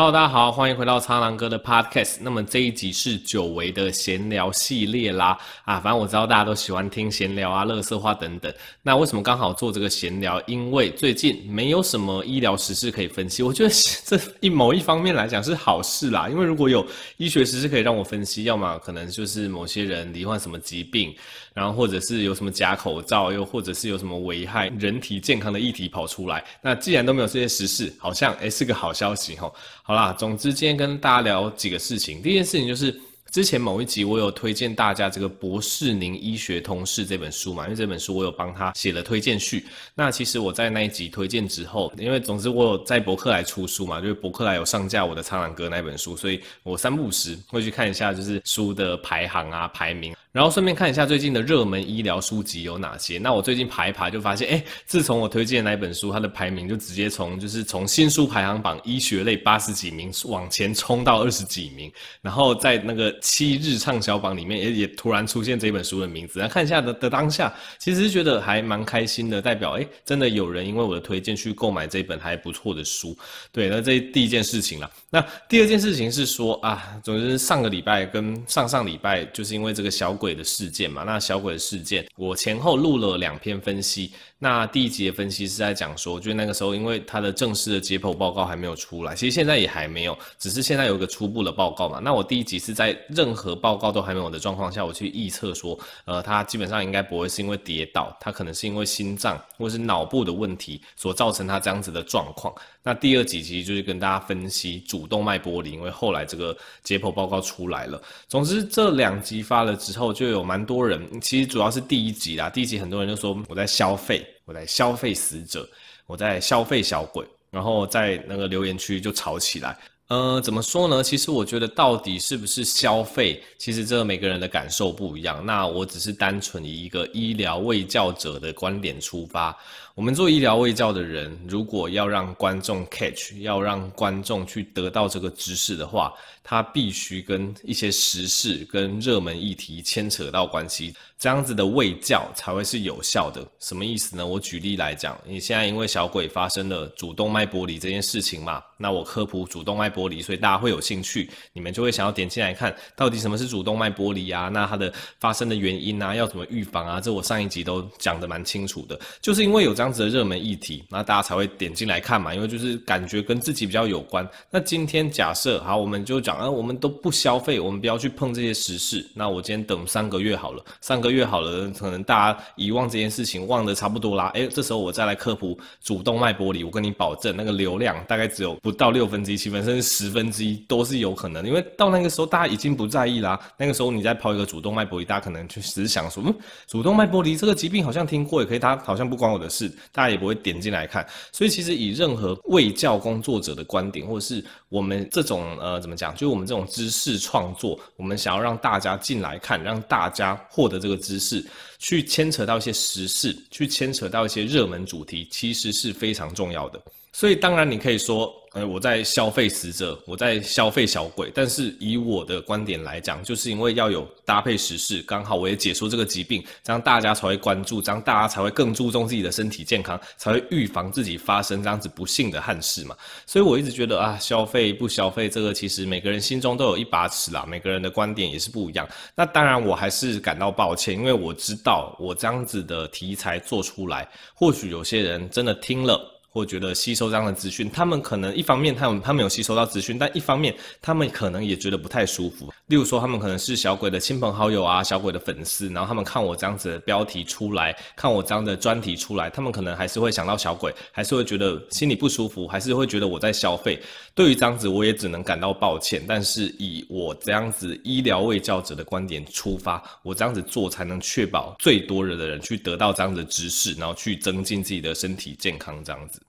Hello，大家好，歡迎回到蒼藍鴿的 Podcast。那麼這一集是久違的閒聊系列啦。啊，反正我知道大家都喜歡聽閒聊啊、垃圾話等等。那為什麼剛好做這個閒聊？因為最近沒有什麼醫療時事可以分析。我覺得這一某一方面來講是好事啦。因為如果有醫學時事可以讓我分析，要麼可能就是某些人罹患什麼疾病，然後或者是有什麼假口罩，又或者是有什麼危害人體健康的議題跑出來。那既然都沒有這些時事，好像誒是個好消息吼。好啦，總之今天跟大家聊幾個事情。第一件事情就是。之前某一集我有推薦大家這個《薄世寧醫學通識》這本書嘛，因為這本書我有幫他寫了推薦序。那其實我在那一集推薦之後，因為總之我有在博客來出書嘛，就是博客來有上架我的《蒼藍鴿》那本書，所以我三不時會去看一下就是書的排行啊排名，然後順便看一下最近的熱門醫療書籍有哪些。那我最近排一排就發現，哎、欸，自從我推薦的那本書，它的排名就直接從就是從新書排行榜醫學類八十幾名往前衝到二十幾名，然後在那個。七日暢銷榜裡面也也突然出現這本書的名字，來看一下的的當下，其實覺得還蠻開心的，代表誒、欸，真的有人因為我的推薦去購買這一本還不錯的書，對，那這第一件事情啦。那第二件事情是說啊，總之上個禮拜跟上上禮拜就是因為這個小鬼的事件嘛，那小鬼的事件，我前後錄了兩篇分析。那第一集的分析是在講說，就那個時候，因為他的正式的解剖報告還沒有出來，其實現在也還沒有，只是現在有一個初步的報告嘛。那我第一集是在任何報告都還沒有的狀況下，我去預測說，呃，他基本上應該不會是因為跌倒，他可能是因為心臟或是腦部的問題所造成他這樣子的狀況。那第二集其集就是跟大家分析主動脈玻璃，因為後來這個解剖報告出來了。總之這兩集發了之後，就有蠻多人，其實主要是第一集啦，第一集很多人就說我在消費，我在消費死者，我在消費小鬼，然後在那個留言區就吵起來。呃，怎麼說呢？其實我覺得到底是不是消費，其實這個每個人的感受不一樣。那我只是單純以一個醫療衛教者的觀點出發。我們做醫療衛教的人，如果要讓觀眾 catch，要讓觀眾去得到這個知識的話，他必須跟一些時事跟熱門議題牽扯到關係，這樣子的衛教才會是有效的。什麼意思呢？我舉例來講，你現在因為小鬼發生了主動脈剝離這件事情嘛，那我科普主動脈剝離，所以大家會有興趣，你們就會想要點進來看到底什麼是主動脈剝離啊？那它的發生的原因啊，要怎麼預防啊？這我上一集都講得蠻清楚的，就是因為有。這樣子的熱門議題，那大家才會點進來看嘛，因為就是感覺跟自己比較有關。那今天假設好，我們就講啊，我們都不消費，我們不要去碰這些時事。那我今天等三個月好了，三個月好了，可能大家遺忘這件事情忘得差不多啦。哎、欸，這時候我再來科普主動脈剝離，我跟你保證，那個流量大概只有不到六分之一、七分甚至十分之一都是有可能，因為到那個時候大家已經不在意啦。那個時候你再拋一個主動脈剝離，大家可能就只是想說，嗯，主動脈剝離這個疾病好像聽過，也可以，它好像不關我的事。大家也不會點進來看，所以其實以任何衛教工作者的觀點，或者是我們這種呃怎麼講，就我們這種知識創作，我們想要讓大家進來看，讓大家獲得這個知識，去牽扯到一些時事，去牽扯到一些熱門主題，其實是非常重要的。所以當然，你可以說，呃、欸，我在消費死者，我在消費小鬼。但是以我的觀點來講，就是因為要有搭配時事，剛好我也解說這個疾病，這樣大家才會關注，這樣大家才會更注重自己的身體健康，才會預防自己發生這樣子不幸的憾事嘛。所以我一直覺得啊，消費不消費，這個其實每個人心中都有一把尺啦，每個人的觀點也是不一樣。那當然，我還是感到抱歉，因為我知道我這樣子的題材做出來，或許有些人真的聽了。或覺得吸收這樣的資訊，他們可能一方面他們他們有吸收到資訊，但一方面他們可能也覺得不太舒服。例如說，他們可能是小鬼的親朋好友啊，小鬼的粉絲，然後他們看我這樣子的標題出來，看我這樣的專題出來，他們可能還是會想到小鬼，還是會覺得心裡不舒服，還是會覺得我在消費。對於這樣子，我也只能感到抱歉。但是以我這樣子醫療衛教者的觀點出發，我這樣子做才能確保最多人的人去得到這樣子的知識，然後去增進自己的身體健康。這樣子。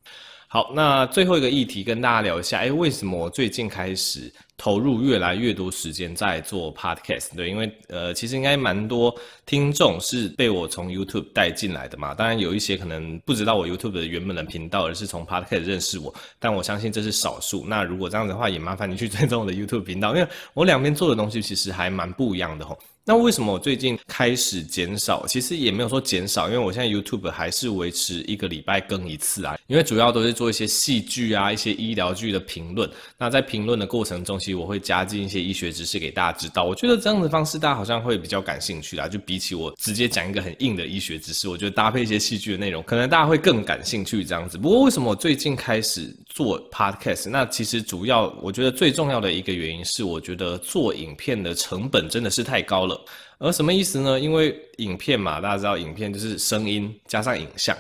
好，那最後一個議題跟大家聊一下，欸，為什麼我最近開始投入越來越多時間在做 podcast？對，因為呃，其實應該蠻多聽眾是被我從 YouTube 帶進來的嘛。當然，有一些可能不知道我 YouTube 的原本的頻道，而是從 podcast 認識我，但我相信這是少數。那如果這樣子的話，也麻煩你去追蹤我的 YouTube 頻道，因為我兩邊做的東西其實還蠻不一樣的吼。那為什麼我最近開始減少？其實也沒有說減少，因為我現在 YouTube 還是維持一個禮拜更一次啊。因為主要都是做一些戲劇啊、一些醫療劇的評論。那在評論的過程中，其實我會加進一些醫學知識給大家知道。我覺得這樣的方式大家好像會比較感興趣啊。就比起我直接講一個很硬的醫學知識，我覺得搭配一些戲劇的內容，可能大家會更感興趣這樣子。不過為什麼我最近開始做 Podcast？那其實主要我覺得最重要的一個原因是，我覺得做影片的成本真的是太高了。而什麼意思呢？因為影片嘛，大家知道，影片就是聲音加上影像。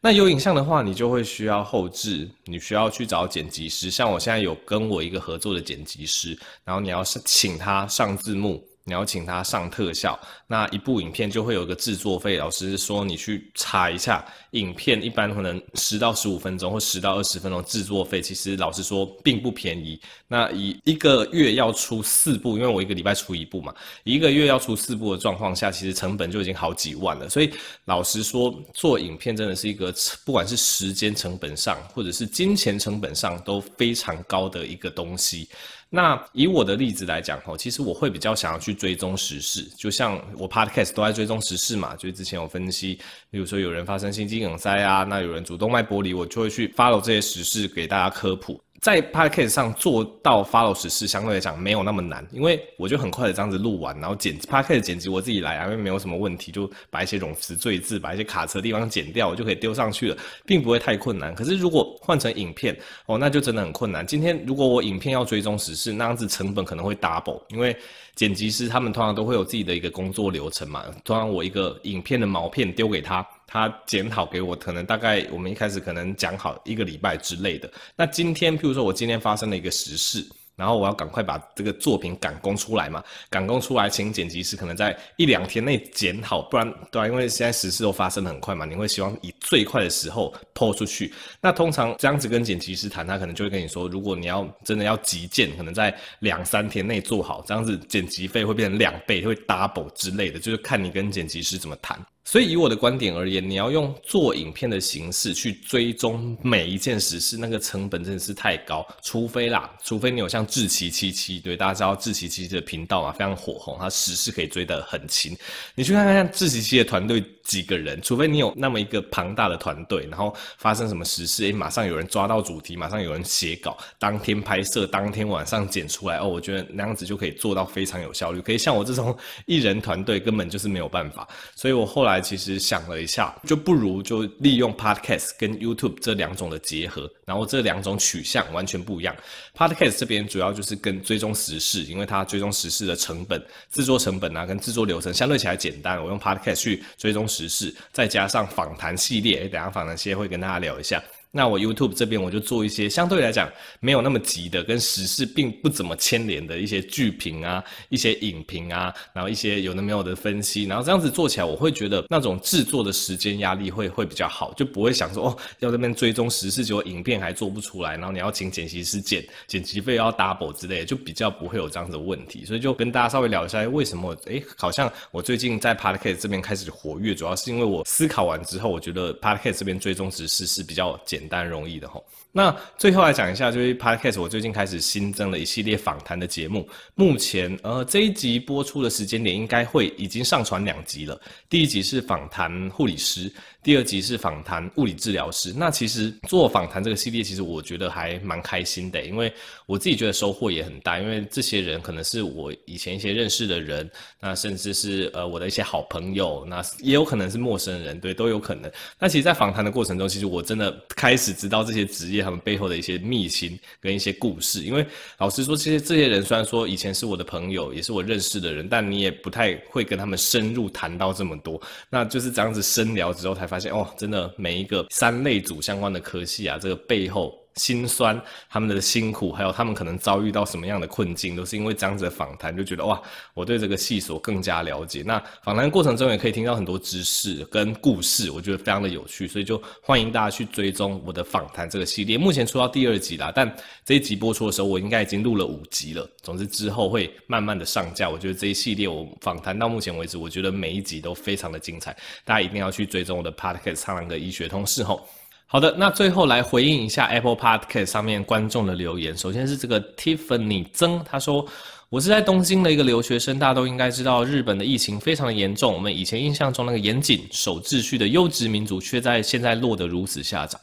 那有影像的話，你就會需要後製，你需要去找剪輯師。像我現在有跟我一個合作的剪輯師，然後你要是請他上字幕，你要請他上特效，那一部影片就會有個製作費。老實說，你去查一下，影片一般可能十到十五分鐘，或十到二十分鐘，製作費其實老實說並不便宜。那以一個月要出四部，因為我一個禮拜出一部嘛，一個月要出四部的狀況下，其實成本就已經好幾萬了。所以老實說，做影片真的是一個，不管是時間成本上，或者是金錢成本上都非常高的一個東西。那以我的例子來講吼，其實我會比較想要去追蹤時事，就像我 podcast 都在追蹤時事嘛，就之前有分析，比如說有人發生心肌梗塞啊，那有人主動脈剝離，我就會去 follow 這些時事給大家科普。在 podcast 上做到 follow 時事，相對來講沒有那麼難，因為我就很快的這樣子錄完，然後剪 podcast 剪輯我自己來，啊因為沒有什麼問題，就把一些冗詞贅字，把一些卡詞的地方剪掉，我就可以丟上去了，並不會太困難。可是如果換成影片，哦，那就真的很困難。今天如果我影片要追蹤時事，那樣子成本可能會 double，因為剪輯師他們通常都會有自己的一個工作流程嘛，通常我一個影片的毛片丟給他。他剪好給我，可能大概我們一開始可能講好一個禮拜之類的。那今天，譬如說我今天發生了一個時事，然後我要趕快把這個作品趕工出來嘛，趕工出來，請剪輯師可能在一兩天內剪好，不然對啊，因為現在時事都發生的很快嘛，你會希望以最快的時候拋出去，那通常這樣子跟剪輯師談，他可能就會跟你說，如果你要真的要急件，可能在兩三天內做好，這樣子剪輯費會變成兩倍，會 double 之類的，就是看你跟剪輯師怎麼談。所以以我的觀點而言，你要用做影片的形式去追蹤每一件時事，那個成本真的是太高，除非啦，除非你有像志祺七七，對，大家知道志祺七七的頻道嘛，非常火紅，他時事可以追得很勤。你去看看像志祺七的團隊幾個人，除非你有那麼一個龐。大的團隊，然後發生什麼時事，誒、欸，馬上有人抓到主題，馬上有人寫稿，當天拍攝，當天晚上剪出來，哦、喔，我覺得那樣子就可以做到非常有效率，可以像我這種一人團隊根本就是沒有辦法，所以我後來其實想了一下，就不如就利用 podcast 跟 YouTube 這兩種的結合，然後這兩種取向完全不一樣，podcast 這邊主要就是跟追蹤時事，因為它追蹤時事的成本、制作成本啊，跟制作流程相對起來簡單，我用 podcast 去追蹤時事，再加上訪談系列。哎，等下，反正先會跟大家聊一下。那我 YouTube 這邊我就做一些相對來講沒有那麼急的、跟時事並不怎麼牽連的一些劇評啊、一些影評啊，然後一些有的沒有的分析，然後這樣子做起來，我會覺得那種製作的時間壓力會會比較好，就不會想說哦要這邊追蹤時事，結果影片還做不出來，然後你要請剪輯師剪，剪輯費要 double 之類的，就比較不會有這樣子的問題。所以就跟大家稍微聊一下，為什麼哎、欸、好像我最近在 Podcast 這邊開始活躍，主要是因為我思考完之後，我覺得 Podcast 這邊追蹤時事是比較簡單。當然容易的吼。那最後來講一下，就是 Podcast，我最近開始新增了一系列訪談的節目。目前，呃，這一集播出的時間點應該會已經上傳兩集了。第一集是訪談護理師。第二集是訪談物理治療師，那其實做訪談這個系列，其實我覺得還蠻開心的欸，因為我自己覺得收穫也很大。因為這些人可能是我以前一些認識的人，那甚至是呃我的一些好朋友，那也有可能是陌生人，對，都有可能。那其實，在訪談的過程中，其實我真的開始知道這些職業他們背後的一些秘辛跟一些故事。因為老實說，其實這些人雖然說以前是我的朋友，也是我認識的人，但你也不太會跟他們深入談到這麼多。那就是這樣子深聊之後才發。發現哦，真的每一個三類組相關的科系啊，這個背後心酸、他們的辛苦，還有他們可能遭遇到什麼樣的困境，都是因為這樣子的訪談，就覺得哇，我對這個系所更加了解。那訪談過程中也可以聽到很多知識跟故事，我覺得非常的有趣，所以就歡迎大家去追蹤我的訪談這個系列。目前出到第二集啦，但這一集播出的時候，我應該已經錄了五集了。總之之後會慢慢的上架。我覺得這一系列我訪談到目前為止，我覺得每一集都非常的精彩，大家一定要去追蹤我的 podcast《蒼蘭的醫學通事後好的，那最後來回應一下 Apple Podcast 上面觀眾的留言。首先是這個 Tiffany 曾，他說：“我是在東京的一個留學生，大家都應該知道日本的疫情非常的嚴重。我們以前印象中那個嚴謹、守秩序的優質民族，卻在現在落得如此下場。”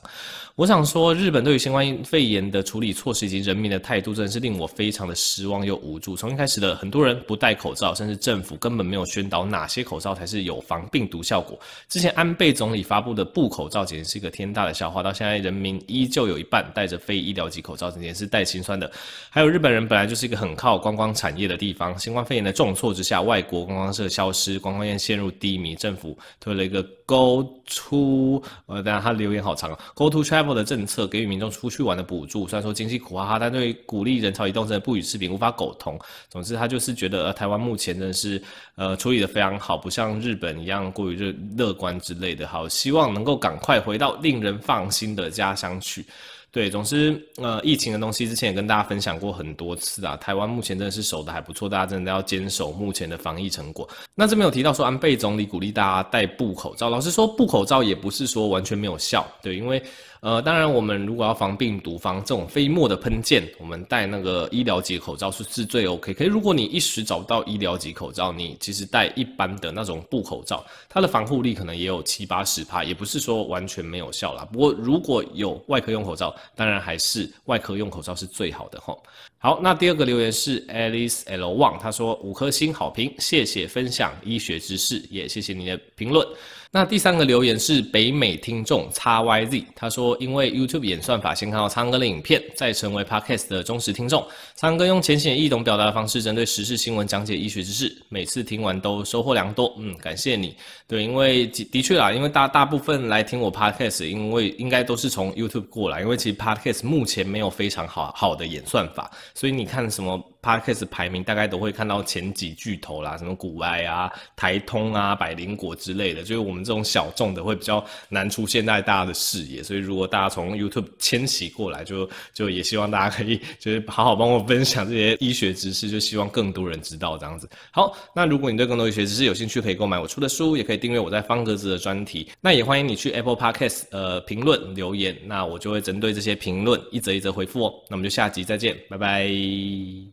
我想說，日本對於新冠肺炎的處理措施以及人民的態度，真的是令我非常的失望又無助。從一開始的很多人不戴口罩，甚至政府根本沒有宣導哪些口罩才是有防病毒效果。之前安倍總理發佈的布口罩，簡直是一個天大的笑話。到現在，人民依舊有一半戴着非醫療級口罩，簡直是帶心酸的。還有，日本人本來就是一個很靠觀光產業的地方，新冠肺炎的重挫之下，外國觀光客消失，觀光業陷入低迷，政府推了一個 Go to，呃，等一下他留言好長啊，Go to travel 的政策給予民眾出去玩的補助，雖然說經濟苦哈哈，但對鼓勵人潮移動真的不予置評，無法苟同。總之，他就是覺得呃，台灣目前真的是呃處理得非常好，不像日本一樣過於熱樂觀之類的。好，希望能夠趕快回到令人放心的家鄉去。對，總之呃，疫情的東西之前也跟大家分享過很多次啊。台灣目前真的是守得還不錯，大家真的要堅守目前的防疫成果。那這邊有提到說，安倍總理鼓勵大家戴布口罩。老實說，布口罩也不是說完全沒有效，對，因為。呃，當然，我們如果要防病毒防、防這種飛沫的噴濺，我們戴那個醫療級口罩是是最 OK。可以如果你一時找不到醫療級口罩，你其實戴一般的那種布口罩，它的防護力可能也有七八十趴，也不是說完全沒有效啦，不過，如果有外科用口罩，當然還是外科用口罩是最好的。吼，好，那第二個留言是 Alice L Wong，他說五顆星好評，謝謝分享醫學知識，也謝謝你的評論。那第三個留言是北美聽眾 X Y Z，他說：“因為 YouTube 演算法先看到蒼哥的影片，再成為 Podcast 的忠實聽眾。蒼哥用淺顯易懂表達的方式，針對時事新聞講解醫學知識，每次聽完都收穫良多。嗯，感謝你。對，因為的確啦，因為大大部分來聽我 Podcast，因為應該都是從 YouTube 過來，因為其實 Podcast 目前沒有非常好好的演算法，所以你看什麼。” Podcast 排名大概都會看到前幾巨頭啦，什麼股癌啊、台通啊、百靈果之類的，就是我們這種小眾的會比較難出現在大家的視野。所以如果大家從 YouTube 遷徙過來，就就也希望大家可以就是好好幫我分享這些醫學知識，就希望更多人知道這樣子。好，那如果你對更多醫學知識有興趣，可以購買我出的書，也可以訂閱我在方格子的專題。那也歡迎你去 Apple Podcast 呃評論留言，那我就會針對這些評論一則一則，一則回復哦。那我們就下集再見，拜拜。